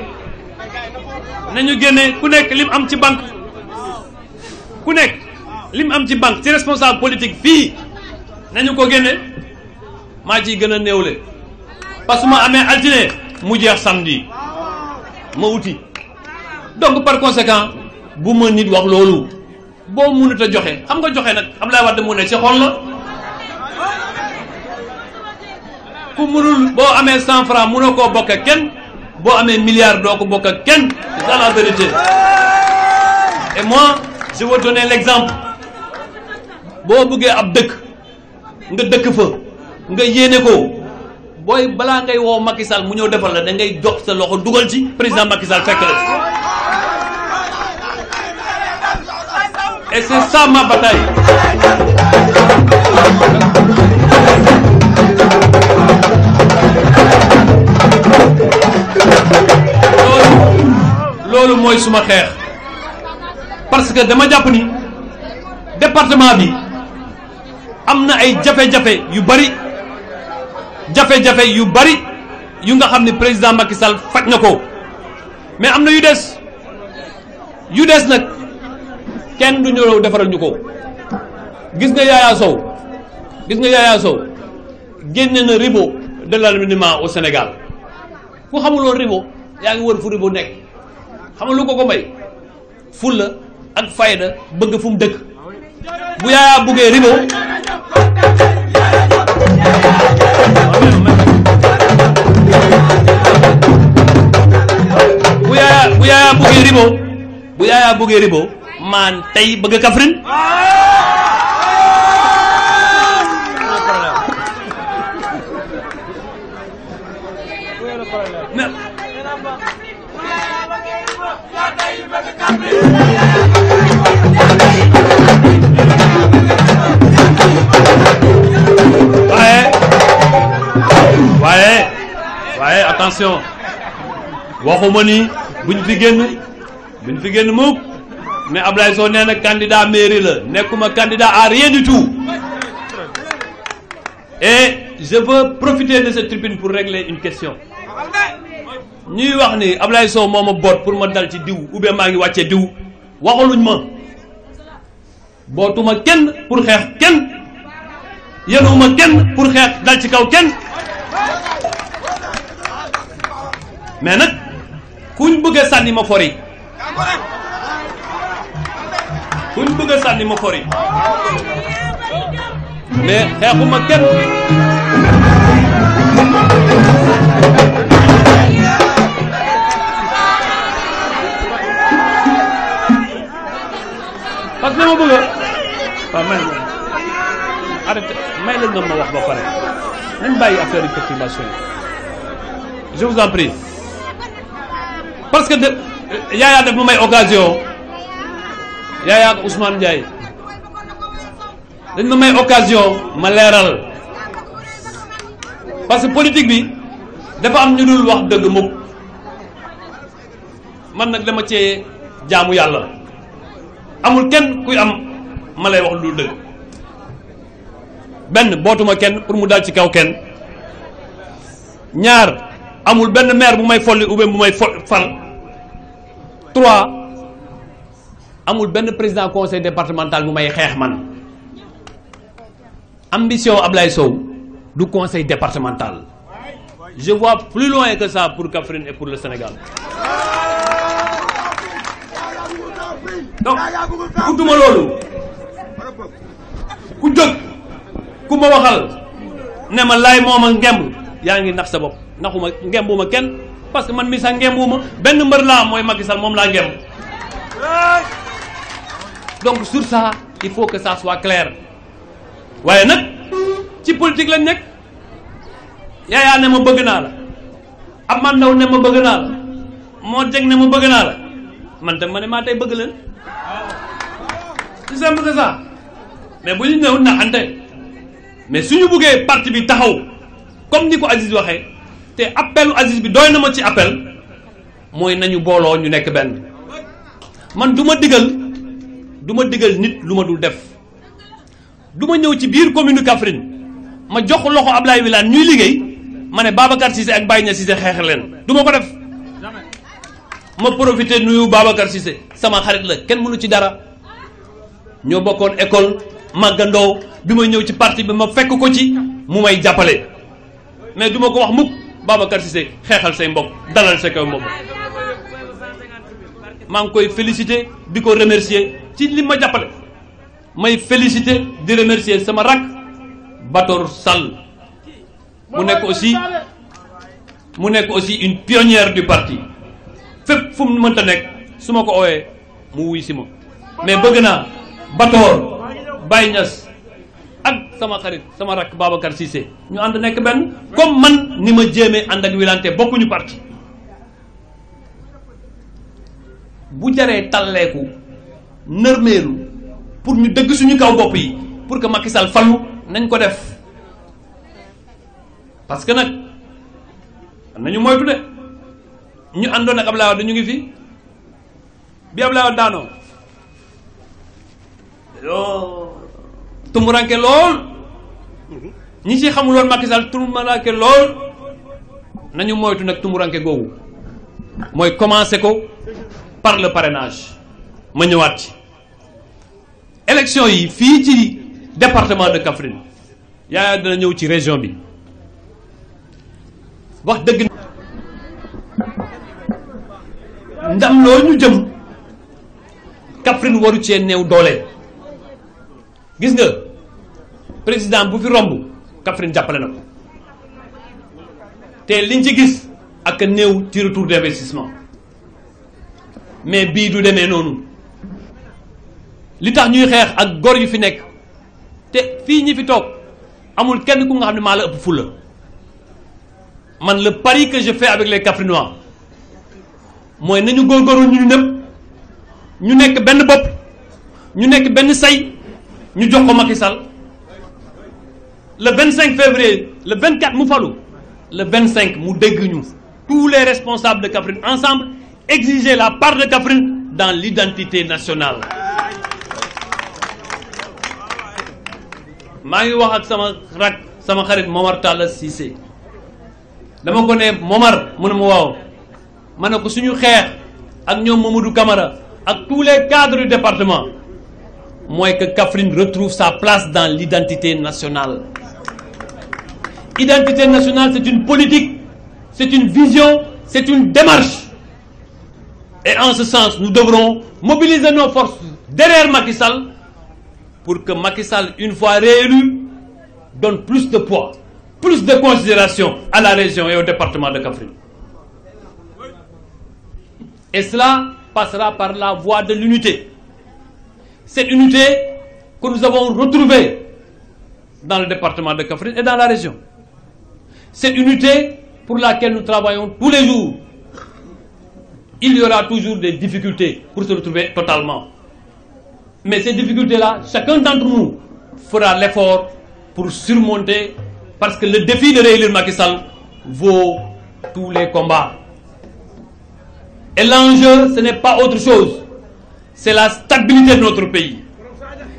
nañu génne ku nekk lim am ci banque ku nekk lim am ci banque ci responsable politique fii nañu ko génne maa ciy gën a néewle parce que ma amee altine mu jeex samedi ma wuti donc par conséquent bu ma nit wax loolu boo mënut a joxe xam nga joxe nag Abdoulaye Wade mu ne ci xol la ku mënul boo amee cent franc mënoo koo bokk kenn boo amee milliard doo ko bokk kenn c'est ça la vérité et moi je vais donner l'exemple boo bëggee ab dëkk nga dëkk fa nga yéene ko booy balaa ngay woo Macky mu ñëw defal la da ngay jox sa loxo dugal ci président Macky Sall fekk la et c'est ça ma bataille loolu loolu mooy suma xeex parce que dama jàpp ni département bi am na ay jafe-jafe yu bari jafe-jafe yu bari yu nga xam ne président Macky Sall faj na ko mais am na yu des yu des nag kenn du ñëw defaral ñu ko gis nga Yaya Sow gis nga Yaya Sow génne na ribo de l'aluminium au Sénégal ku xamuloo ribo yaa ngi wër fu ribo nekk xamul ko ko may fulla ak fayda bëgg fu dëkk bu yaayaa buggee ribo bu yaayaa buggee ribo maan tey bëgg Kaffrine waaye waaye waaye attention waxuma ni buñ fi génn buñ fi génn mukk mais ab Sow nee na candidat mairie la nekkuma candidat à rien du tout et je veux profiter de cette tribune pour régler une question ñuy wax ni Ablaye Sow moo ma boot pour ma dal ci diw ou maa ngi wàcce diw waxaluñ ma bootuma kenn pour xeex kenn yenuwuma kenn pour xeex dal ci kaw kenn mais nag kuñ bëgg a sànni ma fori kuñ bëgg a ma fori mais xeexuma kenn parce que dama bëgg a waaw arrêté may leen na ma wax ba pare nañ bàyyi affaire yu perturbation yi en prie parce que de euh, yaayaa def ma may occasion yaayaa ak Ousmane Ndiaye dañ ma may occasion ma leeral parce que politique bi dafa am ñu dul wax dëgg mukk man nag dama cee jaamu yàlla amul kenn kuy am ma lay wax lu dëgg benn bootuma kenn pour mu dal ci kaw kenn ñaar amul benn maire bu may folli oubien bu may fal trois amul benn président conseil départemental bu may xeex man ambition Ablaye Sow du conseil départemental je vois plus loin que ça pour Kaffrine et pour le Sénégal donc ku duma loolu ku ma waxal ne ma laay mooma ngemb yaa ngi nax sa bopp naxuma ngembuma kenn parce que man mi sax ngembuma benn mbër laa mooy Macky moom laa ngemb donc sur ça il faut que saa soit clair waaye nag ci politique lañ nekk yaayaa ma bëgg naa la ab man ndaw ne ma bëgg naa la moo jeg ne ma bëgg naa la man tam ma ne maa tey bëgg leen c'est simple que ça mais bu ñu néew naxante mais suñu buggee parti bi taxaw comme ni ko Aziz waxee te appelu Aziz bi dooy na ma ci appel mooy nañu booloo ñu nekk benn man duma ma digal du digal nit lu ma dul def du ma ñëw ci biir commune Kaffrine ma jox loxo Ablaye Wilane ñuy liggéey ma ne Babacar Cissé ak Baye Niass Cissé xeex leen du ma ko def ma profité nuyu Babacar Cissé sama xarit la kenn mënu ci dara ñoo bokkoon école màggandoo bi may ñëw ci parti bi ma fekk ko ci mu may jàppale mais duma ko wax mukk Babacar Cissé xeexal say mbokk dalal sa kaw mbokk maa ngi koy félicité di ko remercier ci li ma jàppale may félicité di remercier sama rak Bator Sall mu nekk aussi mu nekk aussi une pionière du parti fépp fu mu mënta nekk su ma ko oowee mu wuy si ma mais bëgg naa Bator Baye ak sama xarit sama rakk Babacar Cissé ñu ànd nekk benn comme man ni ma jéeme ànd ak wilante bokkuñu parti bu jaree talleeku nërmeelu pour ñu dëgg suñu kaw bopp yi pour que Macky Sall falu nañ ko def parce que nag nañu moytu de ñu àndoon ak Abdoulaye Wade ñu ngi fi bi Abdoulaye Wade daanoo tumuranke lool mhm. ñi ci xamuloon Macky Sall tumuranke lool nañu moytu nag tumuranke googu mooy commencé ko par le parrainage ma ñëwaat ci élection yi fii ci département de Kaffrine yaaya dina ñëw ci région bi wax dëgg ndam loolu ñu jëm Kaffrine waru cee néew doole gis nga président bu fi romb Kaffrine jàppale na ko te liñ ci gis ak néew ci retour d'investissement mais bii du demee noonu li tax ñuy xeex ak gor yu fi nekk te fii ñi fi toog amul kenn ku nga xam ne maa la ëpp fulla man le pari que je fais avec les Kaffrinois mooy nañu góorgóorlu ñu ñëpp ñu nekk benn bopp ñu nekk benn say ñu jox ko Macky Sall le 25 février le 24 mu falu le 25 mu dégg ñu tous les responsables de Kaffrine ensemble exiger la part de Kaffrine dans l'identité nationale. maa ngi wax ak sama rak sama xarit Momar Talla Cissé dama ko ne Momar mu ne ma waaw ma ne ko suñu xeex ak ñoom Mamadou Camara ak tous les cadres du département. mooy que Kaffrine retrouve sa place dans l'identité nationale identité nationale c'est une politique c'est une vision c'est une démarche et en ce sens nous devrons mobiliser nos forces derrière Macky Sall pour que Macky Sall une fois réélu donne plus de poids plus de considération à la région et au département de Kaffrine et cela passera par la voie de l'unité cette unité que nous avons retrouvée dans le département de Kaffrine et dans la région. Cette unité pour laquelle nous travaillons tous les jours. Il y aura toujours des difficultés pour se retrouver totalement. Mais ces difficultés-là, chacun d'entre nous fera l'effort pour surmonter parce que le défi de réélire Macky vaut tous les combats. Et l'enjeu, ce n'est pas autre chose c'est la stabilité de notre pays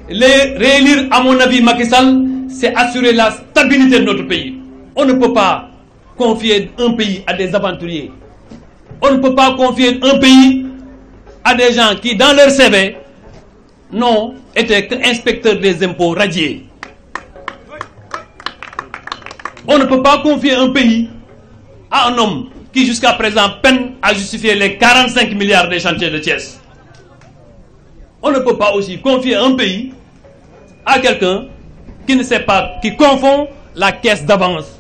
les réélire à mon avis Macky Sall c'est assurer la stabilité de notre pays on ne peut pas confier un pays à des aventuriers un pays à des gens qui dans leur CV n'ont été qu'inspecteurs des impôts radiés on ne peut pas confier un pays à un homme qui jusqu'à présent peine à justifier les 45 milliards des chantiers de Thiès On ne peut pas aussi confier un pays à quelqu'un qui ne sait pas, qui confond la caisse d'avance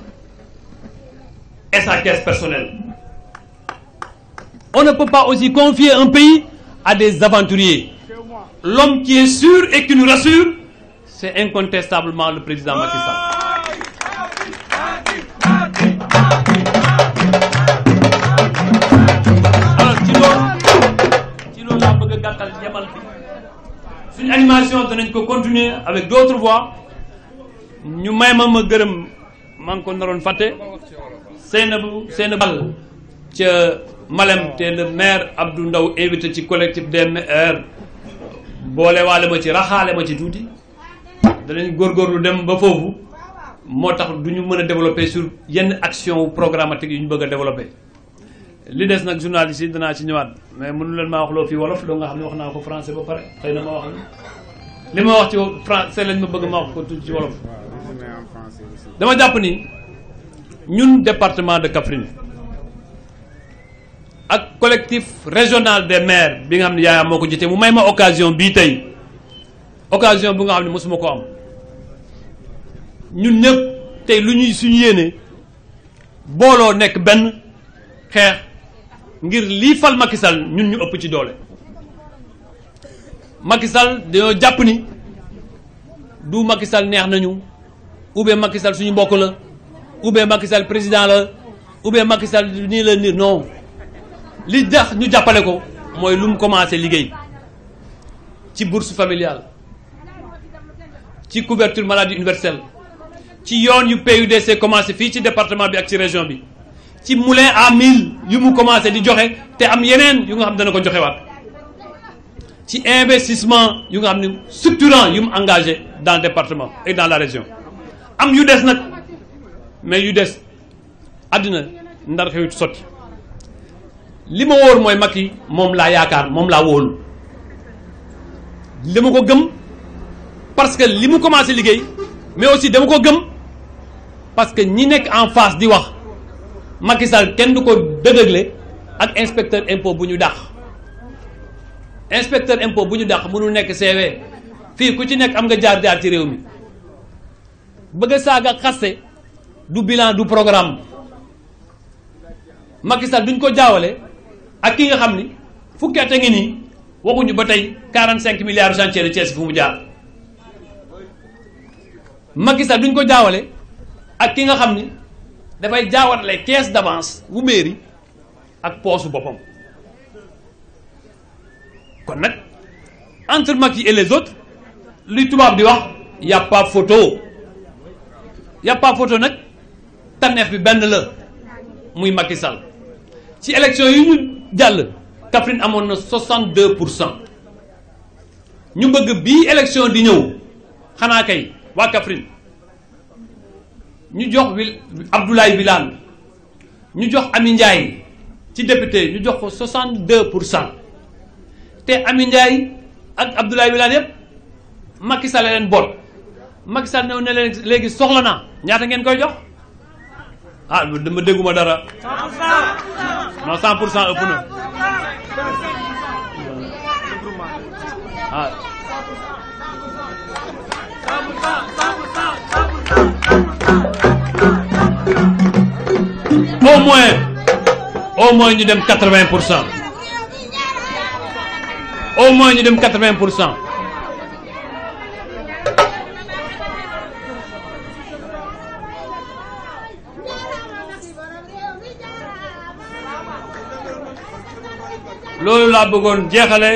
et sa caisse personnelle. On ne peut pas aussi confier un pays à des aventuriers. L'homme qui est sûr et qui nous rassure, c'est incontestablement le président Macky Sall. a gàttal suñu animation danañ ko continuer avec d' autres ñu may ma ma gërëm maa ngi ko naroon fàtte Seynabou Seynabou Ball ca Malem te le maire Abdou Ndaw invité ci collectif des maires boolewaale waale ma ci raxaale ma ci tuuti danañ lu dem ba foofu moo tax du ñu mën a développer sur yenn action programmatique yu ñu bëgg a développer li des nag journaliste yi danaa ci ñëwaat mais mënu leen ma wax loo fii wolof loo nga xam ne wax naa ko français ba pare li ma wax ci français lañ ma bëgg ma wax ko tuuti ci wolof. dama jàpp ni ñun département de Kaffrine ak collectif régional des maires bi nga xam ne yaayam moo ko jotee mu may ma occasion bii tey occasion bu nga xam ne mosuma ko am ñun ñëpp tey lu ñuy suñu yéene booloo nekk benn xeex. ngir lii fal Macky Sall ñun ñu ëpp ci doole Macky Sall dañoo jàpp ni du Macky Sall neex nañu oubien Macky suñu mbokk la oubien Macky président la oubien Macky Sall nii la nii non li tax ñu jàppale ko mooy lu mu commencé liggéey ci bourse familiale ci couverture maladie universelle ci yoon yu PUDC commencé fii ci département bi ak ci région bi ci moulin à mille yu mu commencé di joxe te am yeneen yu nga xam dana ko joxe waat ci investissement yu nga xam ne structurant yu mu engagé dans le département et dans la région am yu des nag mais yu des àddina ndar xewit sotti li ma wóor mooy yi moom laa yaakaar moom laa wóolu li ma ko gëm parce que li mu commencé liggéey mais aussi dama ko gëm parce que ñi nekk en face di wax Macky Sall kenn du ko dëdëgle ak inspecteur impôt bu ñu dàq inspecteur impo bu ñu dàq mënul nekk CV fii ku ci nekk am nga jaar-jaar ci réew mi bëgg a saaga xaste du bilan du programme Macky Sall duñ ko jaawale ak ki nga xam ni fukki at a ngi nii waxuñu ba tey 45 milliards chantier de Thiès fu mu jaar Macky Sall duñ ko jaawale ak ki nga xam ni. dafay jaawatle caisse d'avance bu mairie ak poosu boppam kon nag entre Macky et les autres luy tubaab di wax y a pas photo nag tànneef bi benn la muy Macky Sall ci élection yi ñu jàll Kaffrine amoon na 62 pour cent ñu bëgg bii élection di ñëw xanaa kay waa Kaffrine ñu jox wil Abdoulaye Wilane ñu jox Ami ci député ñu jox ko 62 pour cent te Ami Ndiaye ak Abdoulaye Wilane yëpp Macky la leen boot Macky Sall ne leen léegi soxla naa ñaata ngeen koy jox ah dama dégguma dara non 100 pour cent ëpp na ah. au moins au dem quatre vingt pour cent au moins ñu dem quatre pour cent loolu laa bëggoon jeexale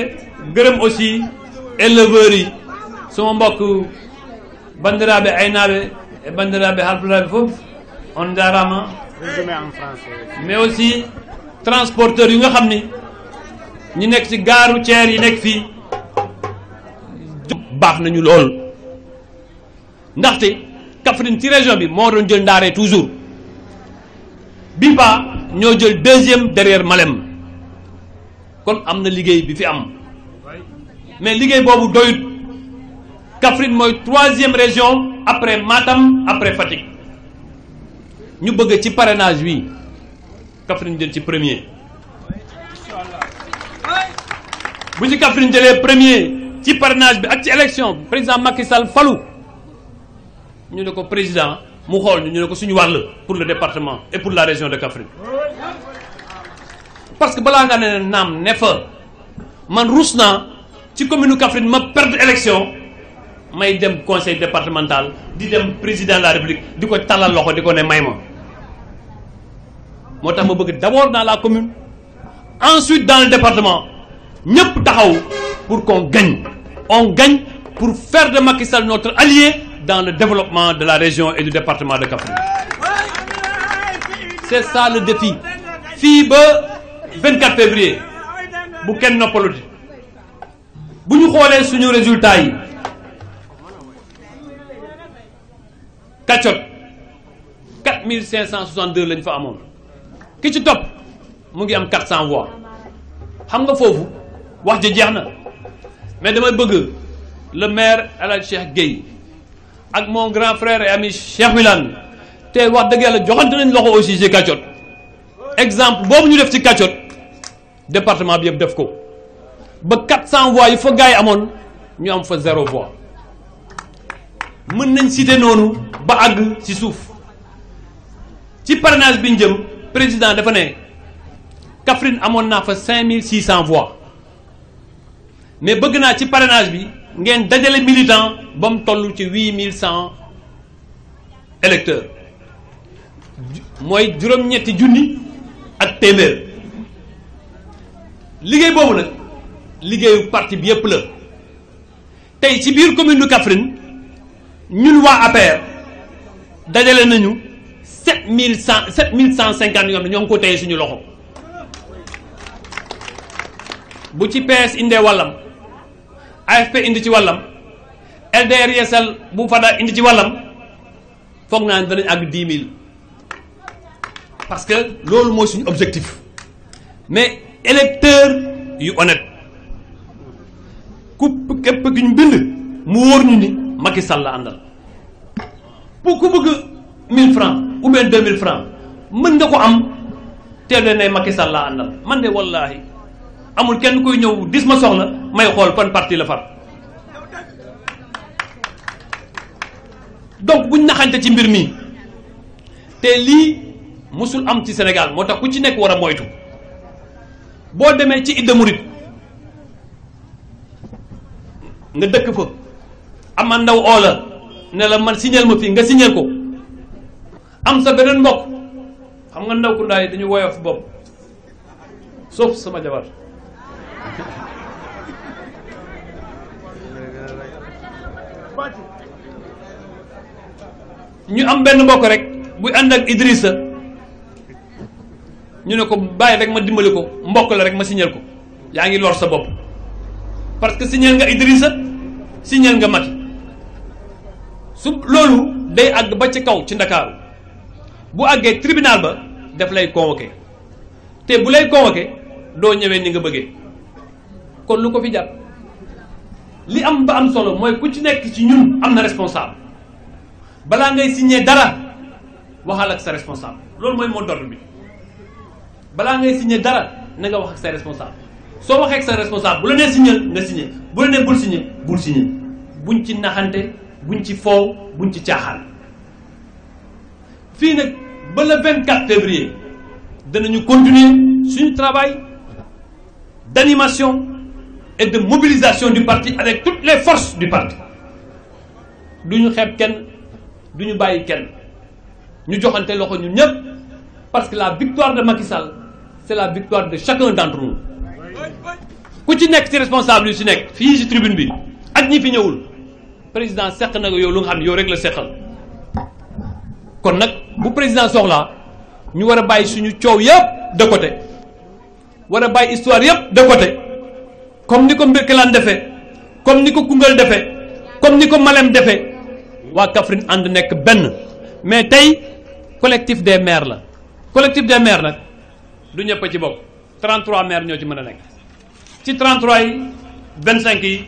gërëm aussi éleveurs yi sama mbokk bandiraabe ay naabe e bandiraɓe halfulaɓe fof on jarama mais aussi transporteur yu nga xam ni ñi nekk ci gaaru ceer yi nekk fii baax nañu lool ndaxte Kaffrine ci région bi moo doon jël ndaaree toujours bi pa ñoo jël deuxième derrière Malem kon am na liggéey bi fi am mais liggéey boobu doyut Kaffrine mooy troisième région après Matam après Fatick ñu bëgg ci parrainage bi Kaffrine jël ci premier bu ci Kaffrine jëlee premier ci parenage bi ak ci élection président Macky Sall falu ñu ne ko président mu xool ñu ne ko suñu wàll pour le département et pour la région de Kaffrine parce que balaa nga ne naam ne fa man ruus naa ci commune Kaffrine ma perdre élection may dem conseil départemental di dem président de la république di ko tàllal loxo di ko ne may ma moo tax ma bëgg d'abord dans la commune ensuite dans le département ñëpp taxaw pour qu'on gagne on gagne pour faire de Macky notre allié dans le développement de la région et du département de Kaffrine c'est ça le défi fii ba 24 février bu kenn noppalu bu ñu xoolee suñu résultat yi kàccot 4562 lañ fa amoon ki ci topp mu ngi am 400 voix xam nga foofu wax ji jeex na mais damay bëgg le maire El Hadj Cheikh ak mon grand frère et ami Cheikh Wilane te wax dëgg yàlla joxante nañ loxo aussi ci kàccot exemple boobu ñu def ci kàccot département bi yëpp def ko ba 400 voix yi fa gars yi amoon ñu am fa zéro voix. mën nañ citer noonu ba àgg ci suuf ci parrainage bi ñu jëm président dafa ne Kaffrine amoon naa fa 5600 voix mais bëgg naa ci parrainage bi ngeen dajale militant ba mu toll ci 8100 électeurs mooy juróom-ñetti junni ak téeméer liggéey boobu nag liggéeyu parti bi yëpp la tey ci biir commune nu Kaffrine. ñun waa APR dajale nañu sept mille cent sept mille cent cinquante yoo xam ne ñoo ngi ko téye suñu loxo bu ci PS indee wàllam AFP indi ci wàllam LDR Yeesal bu Fada indi ci wàllam foog naa ne danañ àgg dix mille parce que loolu mooy suñu objectif mais électeur yu honnête ku képp ki ñu bind mu wóor ñu ni Macky Sall la àndal pour ku bëgg 1000 francs ou bien 2000 francs mën nga ko am teel ne Macky Sall la àndal man de wallaahi amul kenn koy ñëw dis ma soxla may xool fan parti la far donc buñ naxante ci mbir mi te lii musul am ci Sénégal moo tax ku ci nekk war a moytu boo demee ci Idda Mouride nga dëkk fa ama ndaw oola ne man signal ma fii nga signal ko am sa beneen mbokk xam nga ndaw ku ndaay dañu woyof bopp sauf sama jabar ñu am benn mbokk rek buy ànd ak Idrissa ñu ne ko bàyyi rek ma dimbali ko mbokk la rek ma signal ko yaa ngi lor sa bopp parce que signal nga Idrissa signal nga Macky su loolu day àgg ba ci kaw ci ndakaaru bu àggee tribunal ba def lay convoqué te bu lay convoqué doo ñëwee ni nga bëggee kon lu ko fi jàpp li am ba am solo mooy ku ci nekk ci ñun am na responsable balaa ngay signé dara waxal ak sa responsable loolu mooy moo d'ordre bi balaa ngay signé dara na nga wax ak sa responsable soo waxee ak sa responsable bu la nee signé nga signé bu la nee bul signé bul signé buñ ci naxante buñ ci foow buñ ci caaxaan fii nag ba le 24 février danañu continuer suñu travail d'animation et de mobilisation du parti avec toutes les forces du parti du ñu xeeb kenn du ñu bàyyi kenn ñu joxante loxo ñun ñëpp parce que la victoire de Macky Sall c'est la victoire de chacun d'entre nous ku ci nekk ci responsable yu ci nekk fii ci tribune bi ak ñi fi ñëwul président seq na yow lu nga xam ne yow rek la seqal kon nag bu président soxlaa ñu war a bàyyi suñu coow yëpp de war a bàyyi histoire yëpp de comme ni ko Mbirkelane defee comme ni ko Koungheul defee comme ni ko Malem defee waa Kaffrine ànd nekk benn mais tey collectif des maire la collectif des maires nag du ñëpp ci bokk 33 maire ñoo ci mën a nekk ci 33 yi cinq yi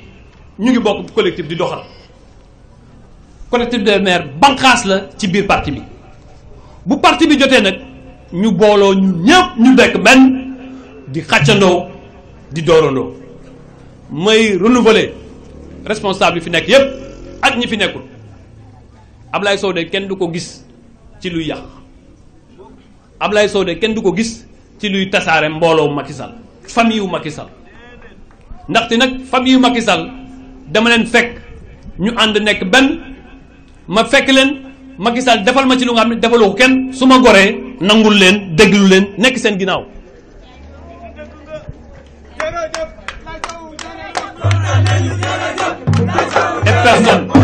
ñu ngi bokk collectif di doxal collectivité des banqaas la ci biir parti bi bu parti bi jotee nag ñu booloo ñu ñëpp ñu nekk benn di xàccandoo di doorandoo may renouveler responsable yi fi nekk yépp ak ñi fi nekkul Ablaye Sow de kenn du ko gis ci luy yàq Ablaye Sow de kenn du ko gis ci luy tasaare mbooloo makisal Sall famille wu ndaxte nag famille yu Macky Sall dama leen fekk ñu ànd nekk benn ma fekk leen ma gisaal defal ma ci lu nga xam ne defaloo ko kenn su ma goree nangul leen déglu leen nekk seen ginnaaw. et personne.